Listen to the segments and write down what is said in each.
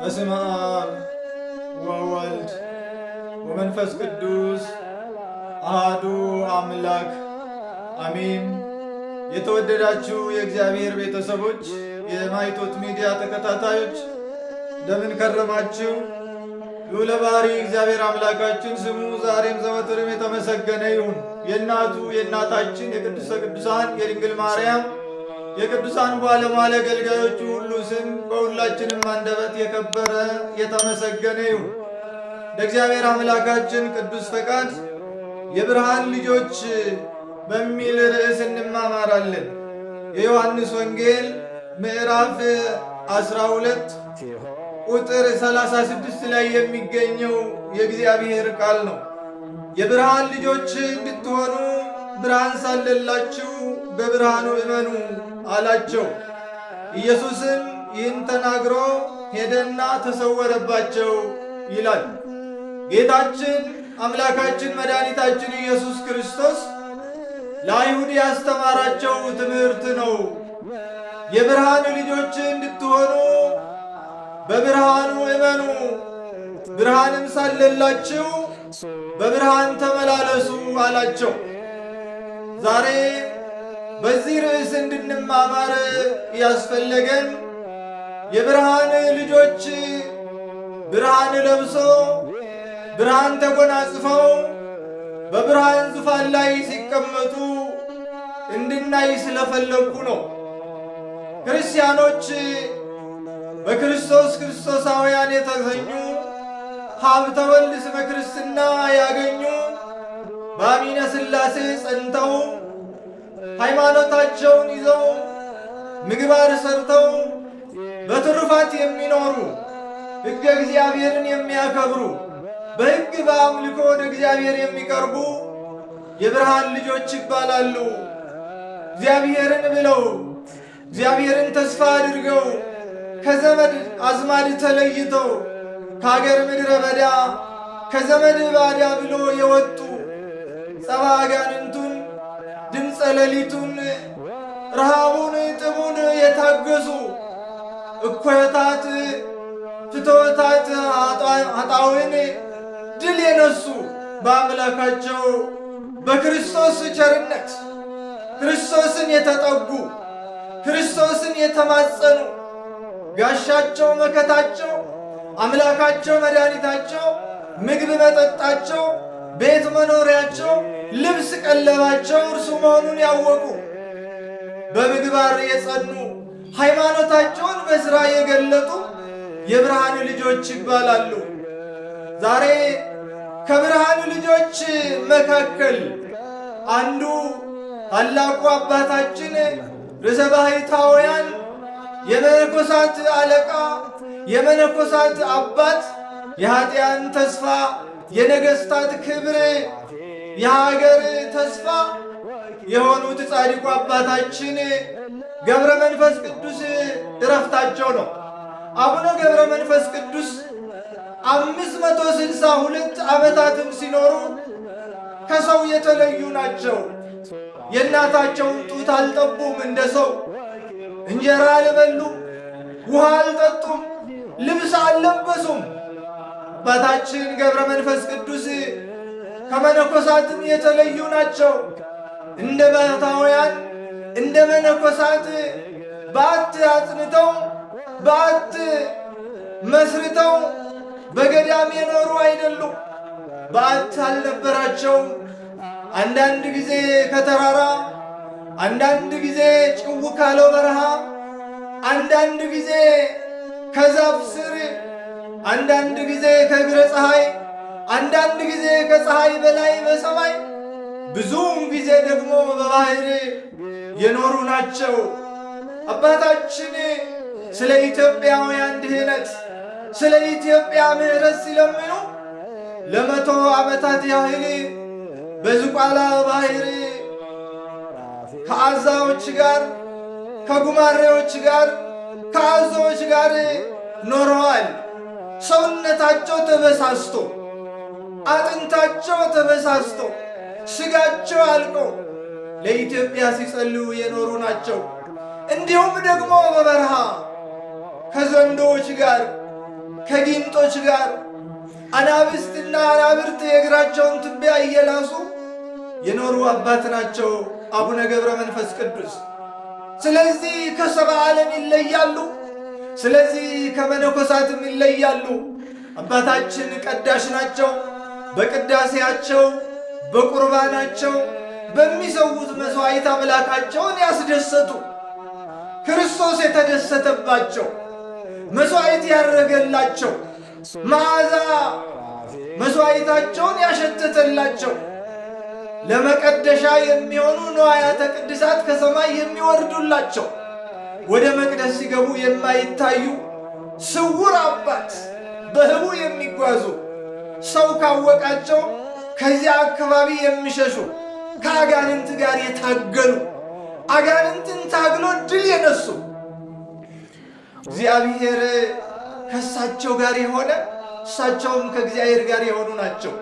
በስመ አብ ወወልድ ወመንፈስ ቅዱስ አሃዱ አምላክ አሜን። የተወደዳችሁ የእግዚአብሔር ቤተሰቦች፣ የማይቶት ሚዲያ ተከታታዮች እንደምን ከረማችሁ? ልዑለ ባሕርይ እግዚአብሔር አምላካችን ስሙ ዛሬም ዘወትርም የተመሰገነ ይሁን። የእናቱ የእናታችን የቅድስተ ቅዱሳን የድንግል ማርያም የቅዱሳን ባለሟል አገልጋዮቹ ሁሉ ስም በሁላችንም አንደበት የከበረ የተመሰገነ ይሁን። ለእግዚአብሔር አምላካችን ቅዱስ ፈቃድ የብርሃን ልጆች በሚል ርዕስ እንማማራለን። የዮሐንስ ወንጌል ምዕራፍ 12 ቁጥር 36 ላይ የሚገኘው የእግዚአብሔር ቃል ነው። የብርሃን ልጆች እንድትሆኑ ብርሃን ሳለላችሁ በብርሃኑ እመኑ አላቸው። ኢየሱስም ይህን ተናግሮ ሄደና ተሰወረባቸው ይላል። ጌታችን አምላካችን መድኃኒታችን ኢየሱስ ክርስቶስ ለአይሁድ ያስተማራቸው ትምህርት ነው። የብርሃን ልጆች እንድትሆኑ በብርሃኑ እመኑ፣ ብርሃንም ሳለላችሁ በብርሃን ተመላለሱ አላቸው። ዛሬ በዚህ ርዕስ እንድንማማር ያስፈለገን የብርሃን ልጆች ብርሃን ለብሶ ብርሃን ተጎናጽፈው በብርሃን ዙፋን ላይ ሲቀመጡ እንድናይ ስለፈለግኩ ነው። ክርስቲያኖች በክርስቶስ ክርስቶሳውያን የተሰኙ ሀብተ ወልድ ስመ ክርስትና ያገኙ በአሚነ ሥላሴ ጸንተው ሃይማኖታቸውን ይዘው ምግባር ሰርተው በትሩፋት የሚኖሩ ሕገ እግዚአብሔርን የሚያከብሩ በሕግ በአምልኮ ወደ እግዚአብሔር የሚቀርቡ የብርሃን ልጆች ይባላሉ። እግዚአብሔርን ብለው እግዚአብሔርን ተስፋ አድርገው ከዘመድ አዝማድ ተለይተው ከአገር ምድረ በዳ ከዘመድ ባዳ ብሎ የወጡ ጸባ አጋንንቱን ድምፀ ሌሊቱን ረሃቡን ጥሙን የታገሱ እኮታት ፍትወታት አጣውን ድል የነሱ በአምላካቸው በክርስቶስ ቸርነት ክርስቶስን የተጠጉ ክርስቶስን የተማጸኑ ጋሻቸው መከታቸው አምላካቸው መድኃኒታቸው ምግብ መጠጣቸው ቤት መኖሪያቸው፣ ልብስ ቀለባቸው እርሱ መሆኑን ያወቁ በምግባር የጸኑ ሃይማኖታቸውን በሥራ የገለጡ የብርሃን ልጆች ይባላሉ። ዛሬ ከብርሃን ልጆች መካከል አንዱ ታላቁ አባታችን ርዕሰ የመነኮሳት አለቃ የመነኮሳት አባት የኀጢአን ተስፋ የነገሥታት ክብር የሀገር ተስፋ የሆኑት ጻድቁ አባታችን ገብረ መንፈስ ቅዱስ እረፍታቸው ነው። አቡነ ገብረ መንፈስ ቅዱስ አምስት መቶ ስልሳ ሁለት ዓመታትም ሲኖሩ ከሰው የተለዩ ናቸው። የእናታቸውን ጡት አልጠቡም እንደ ሰው፣ እንጀራ አልበሉም፣ ውሃ አልጠጡም፣ ልብስ አልለበሱም። አባታችን ገብረ መንፈስ ቅዱስ ከመነኮሳትም የተለዩ ናቸው። እንደ ባህታውያን እንደ መነኮሳት በዓት አጽንተው በዓት መስርተው በገዳም የኖሩ አይደሉም። በዓት አልነበራቸውም። አንዳንድ ጊዜ ከተራራ፣ አንዳንድ ጊዜ ጭው ካለው በረሃ፣ አንዳንድ ጊዜ ከዛፍ ስር አንዳንድ ጊዜ ከእግረ ፀሐይ፣ አንዳንድ ጊዜ ከፀሐይ በላይ በሰማይ ብዙውን ጊዜ ደግሞ በባህር የኖሩ ናቸው። አባታችን ስለ ኢትዮጵያውያን ድህነት፣ ስለ ኢትዮጵያ ምሕረት ሲለምኑ ለመቶ ዓመታት ያህል በዝቋላ ባህር ከአዛዎች ጋር ከጉማሬዎች ጋር ከአዞዎች ጋር ኖረዋል። ሰውነታቸው ተበሳስቶ አጥንታቸው ተበሳስቶ ስጋቸው አልቆ ለኢትዮጵያ ሲጸልዩ የኖሩ ናቸው። እንዲሁም ደግሞ በበረሃ ከዘንዶዎች ጋር ከጊንጦች ጋር አናብስትና አናብርት የእግራቸውን ትቢያ እየላሱ የኖሩ አባት ናቸው አቡነ ገብረ መንፈስ ቅዱስ። ስለዚህ ከሰብአ ዓለም ይለያሉ። ስለዚህ ከመነኮሳትም ይለያሉ። አባታችን ቀዳሽ ናቸው። በቅዳሴያቸው፣ በቁርባናቸው፣ በሚሰዉት መሥዋዕት አምላካቸውን ያስደሰቱ ክርስቶስ የተደሰተባቸው መሥዋዕት ያረገላቸው መዓዛ መሥዋዕታቸውን ያሸተተላቸው ለመቀደሻ የሚሆኑ ንዋያተ ቅድሳት ከሰማይ የሚወርዱላቸው ወደ መቅደስ ሲገቡ የማይታዩ ስውር አባት በህቡ የሚጓዙ ሰው ካወቃቸው ከዚያ አካባቢ የሚሸሹ ከአጋንንት ጋር የታገሉ አጋንንትን ታግሎ ድል የነሱ እግዚአብሔር ከእሳቸው ጋር የሆነ እሳቸውም ከእግዚአብሔር ጋር የሆኑ ናቸው።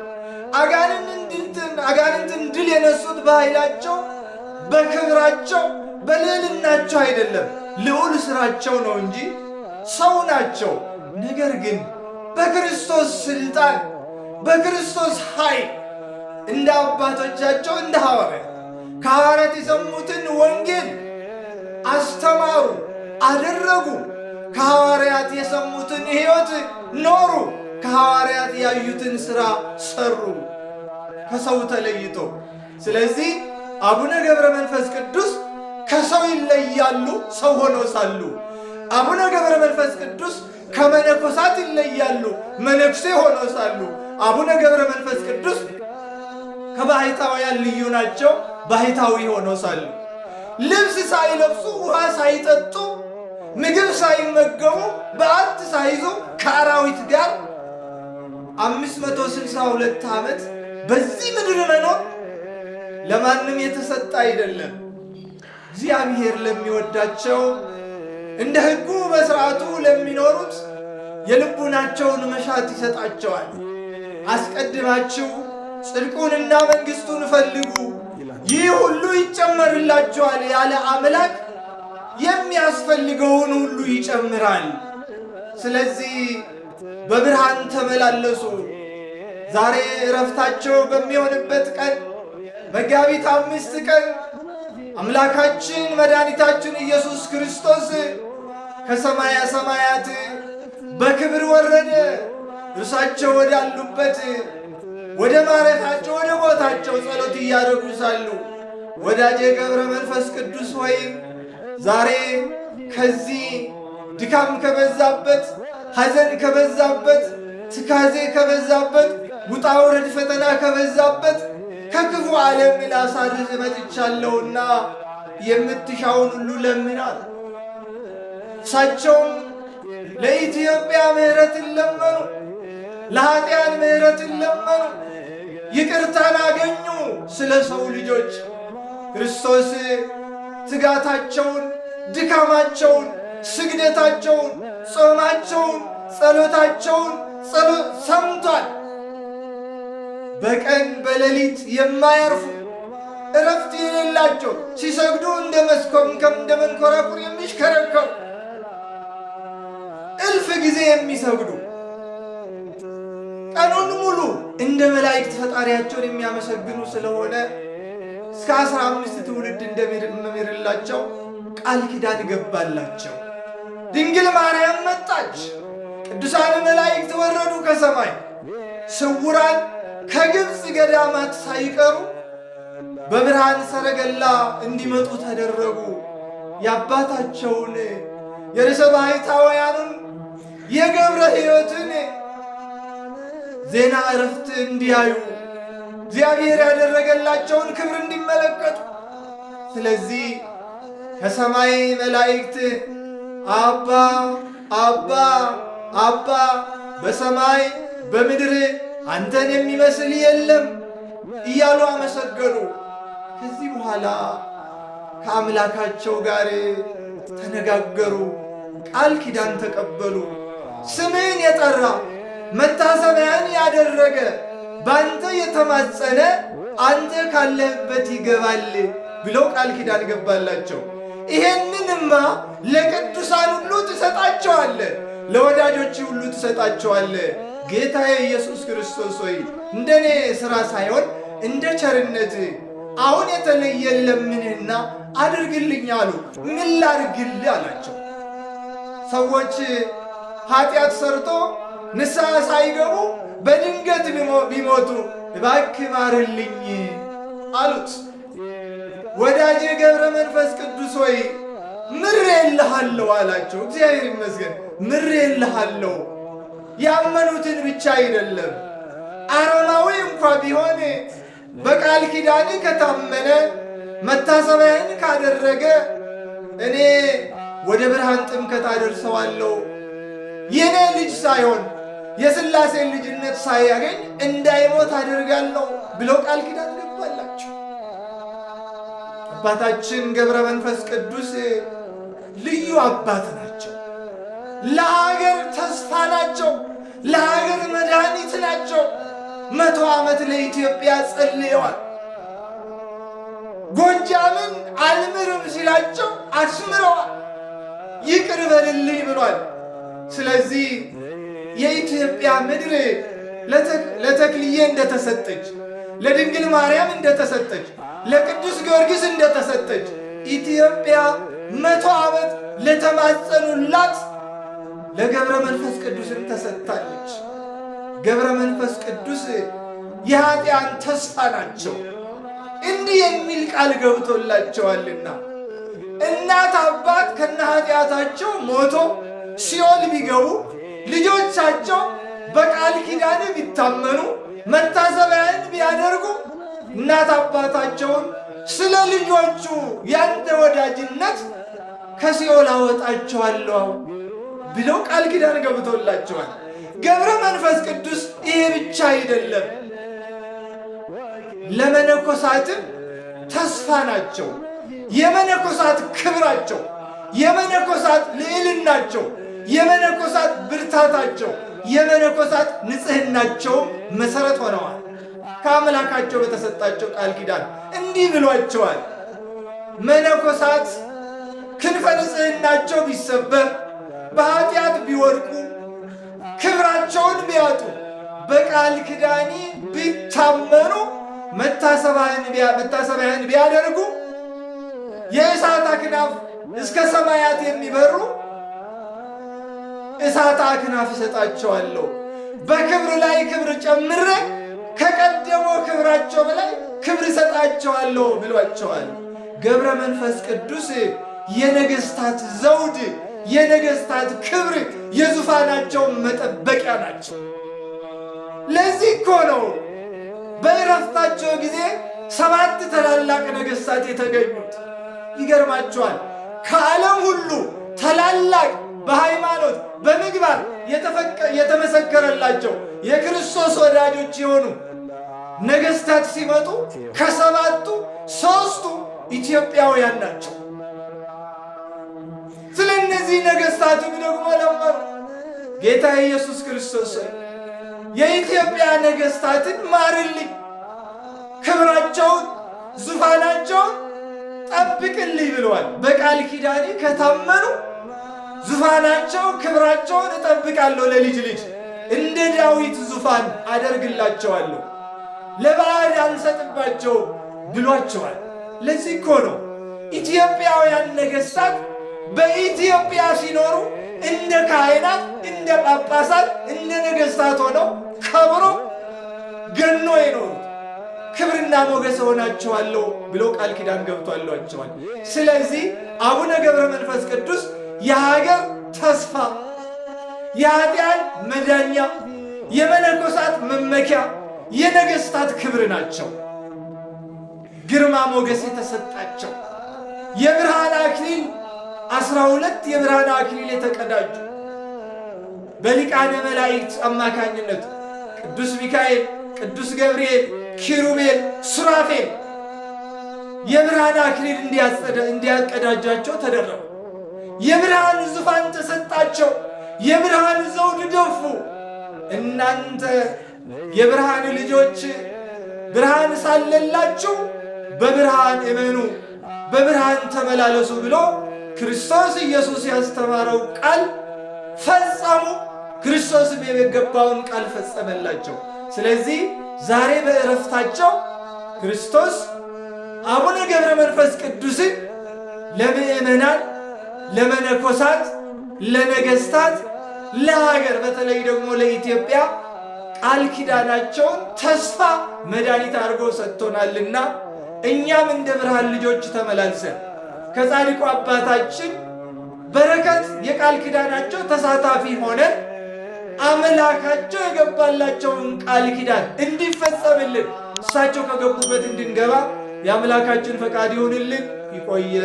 አጋንንትን ድል የነሱት በኃይላቸው፣ በክብራቸው፣ በልዕልናቸው አይደለም። ልዑል ሥራቸው ነው እንጂ ሰው ናቸው። ነገር ግን በክርስቶስ ሥልጣን፣ በክርስቶስ ኃይል እንደ አባቶቻቸው እንደ ሐዋርያት ከሐዋርያት የሰሙትን ወንጌል አስተማሩ፣ አደረጉ። ከሐዋርያት የሰሙትን ሕይወት ኖሩ። ከሐዋርያት ያዩትን ሥራ ሰሩ፣ ከሰው ተለይቶ። ስለዚህ አቡነ ገብረ መንፈስ ቅዱስ ከሰው ይለያሉ ሰው ሆኖ ሳሉ። አቡነ ገብረ መንፈስ ቅዱስ ከመነኮሳት ይለያሉ መነኩሴ ሆኖ ሳሉ። አቡነ ገብረ መንፈስ ቅዱስ ከባሕታውያን ልዩ ናቸው ባሕታዊ ሆኖ ሳሉ። ልብስ ሳይለብሱ ውሃ ሳይጠጡ ምግብ ሳይመገቡ በዓት ሳይዙ ከአራዊት ጋር 562 ዓመት በዚህ ምድር መኖር ለማንም የተሰጠ አይደለም። እግዚአብሔር ለሚወዳቸው እንደ ሕጉ በሥርዓቱ ለሚኖሩት የልቡናቸውን መሻት ይሰጣቸዋል። አስቀድማችሁ ጽድቁንና መንግሥቱን ፈልጉ ይህ ሁሉ ይጨመርላችኋል ያለ አምላክ የሚያስፈልገውን ሁሉ ይጨምራል። ስለዚህ በብርሃን ተመላለሱ። ዛሬ እረፍታቸው በሚሆንበት ቀን መጋቢት አምስት ቀን አምላካችን መድኃኒታችን ኢየሱስ ክርስቶስ ከሰማያ ሰማያት በክብር ወረደ። እርሳቸው ወዳሉበት ወደ ማረፋቸው ወደ ቦታቸው ጸሎት እያደረጉ ሳሉ ወዳጄ ገብረ መንፈስ ቅዱስ ሆይ ዛሬ ከዚህ ድካም ከበዛበት፣ ሐዘን ከበዛበት፣ ትካዜ ከበዛበት፣ ውጣ ውረድ ፈተና ከበዛበት ከክፉ ዓለም ላሳርፍ መጥቻለሁና የምትሻውን ሁሉ ለምናት። እሳቸውም ለኢትዮጵያ ምሕረትን ለመኑ፣ ለኃጢአን ምሕረትን ለመኑ፣ ይቅርታን አገኙ። ስለ ሰው ልጆች ክርስቶስ ትጋታቸውን፣ ድካማቸውን፣ ስግደታቸውን፣ ጾማቸውን፣ ጸሎታቸውን ሰምቷል። በቀን በሌሊት የማያርፉ እረፍት የሌላቸው ሲሰግዱ እንደ መስኮምከም እንደ መንኮራኩር የሚሽከረከሩ እልፍ ጊዜ የሚሰግዱ ቀኑን ሙሉ እንደ መላእክት ፈጣሪያቸውን የሚያመሰግኑ ስለሆነ እስከ አስራ አምስት ትውልድ እንደሚምርላቸው ቃል ኪዳን ገባላቸው። ድንግል ማርያም መጣች። ቅዱሳን መላእክት ወረዱ ከሰማይ ስውራን ከግብፅ ገዳማት ሳይቀሩ በብርሃን ሰረገላ እንዲመጡ ተደረጉ። የአባታቸውን የርዕሰ ባህታውያኑን የገብረ ሕይወትን ዜና እረፍት እንዲያዩ እግዚአብሔር ያደረገላቸውን ክብር እንዲመለከቱ። ስለዚህ ከሰማይ መላእክት አባ አባ አባ በሰማይ በምድር አንተን የሚመስል የለም እያሉ አመሰገኑ። ከዚህ በኋላ ከአምላካቸው ጋር ተነጋገሩ፣ ቃል ኪዳን ተቀበሉ። ስምህን የጠራ መታሰቢያን ያደረገ በአንተ የተማጸነ አንተ ካለህበት ይገባል ብለው ቃል ኪዳን ገባላቸው። ይሄንንማ ለቅዱሳን ሁሉ ትሰጣቸዋለ፣ ለወዳጆች ሁሉ ትሰጣቸዋለ። ጌታዬ ኢየሱስ ክርስቶስ ሆይ እንደ እኔ ሥራ ሳይሆን እንደ ቸርነት አሁን የተለየ ለምንህና አድርግልኝ አሉ። ምን ላድርግል አላቸው። ሰዎች ኃጢአት ሰርቶ ንስሐ ሳይገቡ በድንገት ቢሞቱ እባክህ ማርልኝ አሉት። ወዳጄ ገብረ መንፈስ ቅዱስ ሆይ ምሬ እልሃለሁ አላቸው። እግዚአብሔር ይመስገን ምሬ እልሃለሁ ያመኑትን ብቻ አይደለም፣ አረማዊ እንኳ ቢሆን በቃል ኪዳን ከታመነ መታሰቢያን ካደረገ እኔ ወደ ብርሃን ጥምቀት አደርሰዋለሁ። የእኔ ልጅ ሳይሆን የሥላሴን ልጅነት ሳያገኝ እንዳይሞት አደርጋለሁ ብለው ቃል ኪዳን ገባላቸው። አባታችን ገብረ መንፈስ ቅዱስ ልዩ አባት ናቸው። ለሀገር ተስፋ ናቸው፣ ለሀገር መድኃኒት ናቸው። መቶ ዓመት ለኢትዮጵያ ጸልየዋል። ጎጃምን አልምርም ሲላቸው አስምረዋል። ይቅር በልልኝ ብሏል። ስለዚህ የኢትዮጵያ ምድር ለተክልዬ እንደተሰጠች፣ ለድንግል ማርያም እንደተሰጠች፣ ለቅዱስ ጊዮርጊስ እንደተሰጠች ኢትዮጵያ መቶ ዓመት ለተማጸኑላት ለገብረ መንፈስ ቅዱስ ተሰጥታለች። ገብረ መንፈስ ቅዱስ የኃጢአን ተስፋ ናቸው። እንዲህ የሚል ቃል ገብቶላቸዋልና እናት አባት ከነ ኃጢአታቸው ሞቶ ሲኦል ቢገቡ ልጆቻቸው በቃል ኪዳን ቢታመኑ መታሰቢያን ቢያደርጉ እናት አባታቸውን ስለ ልጆቹ ያንተ ወዳጅነት ከሲኦል አወጣቸዋለሁ ብለው ቃል ኪዳን ገብተውላቸዋል። ገብረ መንፈስ ቅዱስ ይሄ ብቻ አይደለም፣ ለመነኮሳትም ተስፋ ናቸው። የመነኮሳት ክብራቸው፣ የመነኮሳት ልዕልናቸው፣ የመነኮሳት ብርታታቸው፣ የመነኮሳት ንጽህናቸው መሰረት ሆነዋል። ከአምላካቸው በተሰጣቸው ቃል ኪዳን እንዲህ ብሏቸዋል። መነኮሳት ክንፈ ንጽህናቸው ቢሰበር በኃጢአት ቢወድቁ ክብራቸውን ቢያጡ በቃል ኪዳኔ ቢታመኑ መታሰቢያን ቢያደርጉ የእሳት አክናፍ እስከ ሰማያት የሚበሩ እሳት አክናፍ እሰጣቸዋለሁ። በክብር ላይ ክብር ጨምሬ ከቀደሞ ክብራቸው በላይ ክብር እሰጣቸዋለሁ ብሏቸዋል። ገብረ መንፈስ ቅዱስ የነገሥታት ዘውድ የነገስታት ክብር የዙፋናቸው መጠበቂያ ናቸው። ለዚህ እኮ ነው በእረፍታቸው ጊዜ ሰባት ታላላቅ ነገስታት የተገኙት። ይገርማቸዋል። ከዓለም ሁሉ ታላላቅ በሃይማኖት በምግባር የተመሰከረላቸው የክርስቶስ ወዳጆች የሆኑ ነገስታት ሲመጡ ከሰባቱ ሦስቱ ኢትዮጵያውያን ናቸው። እነዚህ ነገሥታትም ደግሞ ለመኑ፣ ጌታ ኢየሱስ ክርስቶስ የኢትዮጵያ ነገስታትን ማርልኝ፣ ክብራቸውን፣ ዙፋናቸውን ጠብቅልኝ ብለዋል። በቃል ኪዳኔ ከታመኑ ዙፋናቸው ክብራቸውን እጠብቃለሁ፣ ለልጅ ልጅ እንደ ዳዊት ዙፋን አደርግላቸዋለሁ፣ ለባዕድ አልሰጥባቸው ብሏቸዋል። ለዚህ እኮ ነው ኢትዮጵያውያን ነገስታት። በኢትዮጵያ ሲኖሩ እንደ ካህናት፣ እንደ ጳጳሳት፣ እንደ ነገሥታት ሆነው ከብሮ ገኖ የኖሩት ክብርና ሞገስ ሆናችኋለሁ ብሎ ቃል ኪዳን ገብቷላቸዋል። ስለዚህ አቡነ ገብረ መንፈስ ቅዱስ የሀገር ተስፋ፣ የኃጢአን መዳኛ፣ የመነኮሳት መመኪያ፣ የነገሥታት ክብር ናቸው። ግርማ ሞገስ የተሰጣቸው የብርሃን አክሊል አስራ ሁለት የብርሃን አክሊል የተቀዳጁ በሊቃነ መላእክት አማካኝነት ቅዱስ ሚካኤል፣ ቅዱስ ገብርኤል፣ ኪሩቤል፣ ሱራፌል የብርሃን አክሊል እንዲያቀዳጃቸው ተደረጉ። የብርሃን ዙፋን ተሰጣቸው። የብርሃን ዘውድ ደፉ። እናንተ የብርሃን ልጆች ብርሃን ሳለላችሁ በብርሃን እመኑ፣ በብርሃን ተመላለሱ ብሎ ክርስቶስ ኢየሱስ ያስተማረው ቃል ፈጸሙ። ክርስቶስም የገባውን ቃል ፈጸመላቸው። ስለዚህ ዛሬ በእረፍታቸው ክርስቶስ አቡነ ገብረ መንፈስ ቅዱስን ለምእመናን፣ ለመነኮሳት፣ ለነገስታት፣ ለሀገር በተለይ ደግሞ ለኢትዮጵያ ቃል ኪዳናቸውን ተስፋ መድኃኒት አድርጎ ሰጥቶናልና እኛም እንደ ብርሃን ልጆች ተመላልሰን ከጻድቁ አባታችን በረከት የቃል ኪዳናቸው ተሳታፊ ሆነን አምላካቸው የገባላቸውን ቃል ኪዳን እንዲፈጸምልን እሳቸው ከገቡበት እንድንገባ የአምላካችን ፈቃድ ይሁንልን። ይቆየ